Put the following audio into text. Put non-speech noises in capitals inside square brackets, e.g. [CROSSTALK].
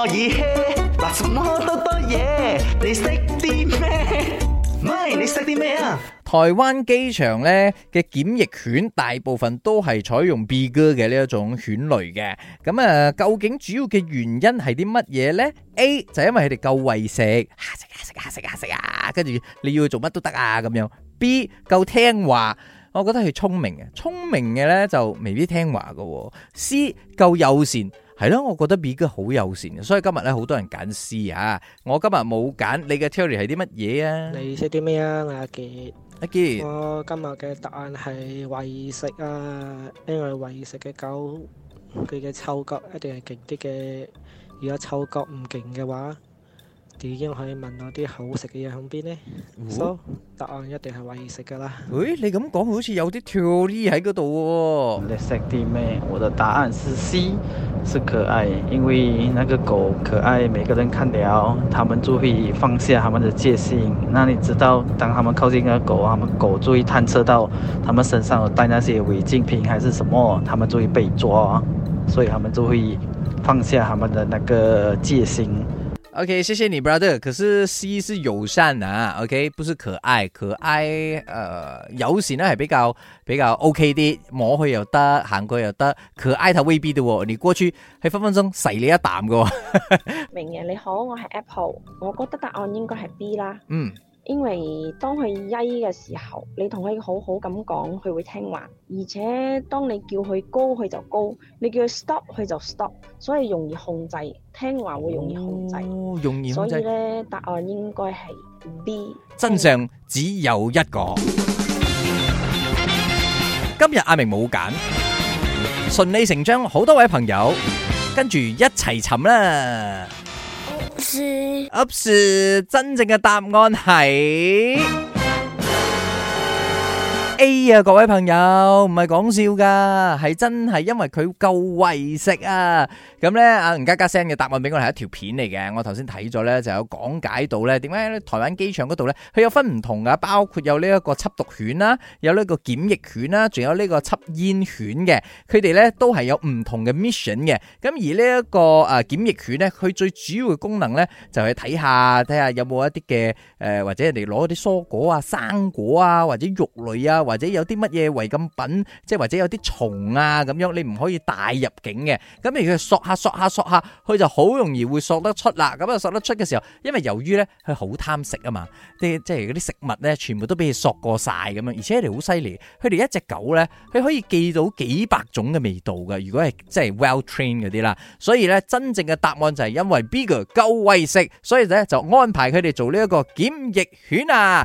我耳起，嗱，什麼多多嘢？你識啲咩？咪，你識啲咩啊？台灣機場咧嘅檢疫犬大部分都係採用 B 哥嘅呢一種犬類嘅。咁啊，究竟主要嘅原因係啲乜嘢咧？A 就因為佢哋夠餵食，食啊食啊食啊食啊，跟住你要去做乜都得啊咁樣。B 夠聽話，我覺得佢聰明嘅，聰明嘅咧就未必聽話嘅。C 夠友善。係咯，我覺得 B 哥好友善，所以今日咧好多人揀 C 啊！我今日冇揀，你嘅 theory 係啲乜嘢啊？你識啲咩啊？阿杰，阿杰，我今日嘅答案係餵食啊，因為餵食嘅狗佢嘅嗅覺一定係勁啲嘅，如果嗅覺唔勁嘅話。已經可以問到啲好食嘅嘢響邊呢？哦、so, 答案一定係為食噶啦。誒、哎，你咁講好似有啲條理喺嗰度。Let's see, 我的答案是 C，是可愛，因為那個狗可愛，每個人看了，他們就會放下他們的戒心。那你知道，當他們靠近個狗啊，咁狗就會探測到他們身上有帶那些違禁品還是什麼，他們就會被抓，所以他們就會放下他們的那個戒心。O、okay, K，謝謝你，Brother。可是 C 是友善啊，O、okay? K，不是可愛，可愛，呃，有時呢係比較比較 O、okay、K 啲，摸佢又得，行過又得，可愛，佢未必的、哦。你過去，佢分分鐘噬你一啖嘅、哦。 [LAUGHS] 明日你好，我係 Apple，我覺得答案應該係 B 啦。嗯。因為當佢曳嘅時候，你同佢好好咁講，佢會聽話。而且當你叫佢高，佢就高；你叫佢 stop，佢就 stop。所以容易控制，聽話會容易控制。所以咧，答案應該係 B。真相只有一個。今日阿明冇揀，順理成章，好多位朋友跟住一齊尋啦。Ups, Ups！真正嘅答案係 A 啊，各位朋友，唔係講笑噶，係真係因為佢夠喂食啊！咁呢，啊，加加聲嘅答案俾我係一條片嚟嘅，我頭先睇咗呢就有講解到呢，點解呢台灣機場嗰度呢，佢有分唔同噶，包括有呢一個緝毒犬啦，有呢個檢疫犬啦，仲有呢個緝煙犬嘅，佢哋呢都係有唔同嘅 mission 嘅。咁而呢一個誒檢疫犬呢，佢最主要嘅功能呢就係睇下睇下有冇一啲嘅誒或者人哋攞啲蔬果啊、生果啊或者肉類啊。或者有啲乜嘢違禁品，即係或者有啲蟲啊咁樣，你唔可以帶入境嘅。咁而佢索下索下索下，佢就好容易會索得出啦。咁啊索得出嘅時候，因為由於咧佢好貪食啊嘛，啲即係嗰啲食物咧全部都俾佢索過晒咁樣，而且佢哋好犀利，佢哋一隻狗咧佢可以記到幾百種嘅味道噶。如果係即係 well trained 嗰啲啦，所以咧真正嘅答案就係因為 Beagle 夠為食，所以咧就安排佢哋做呢一個檢疫犬啊。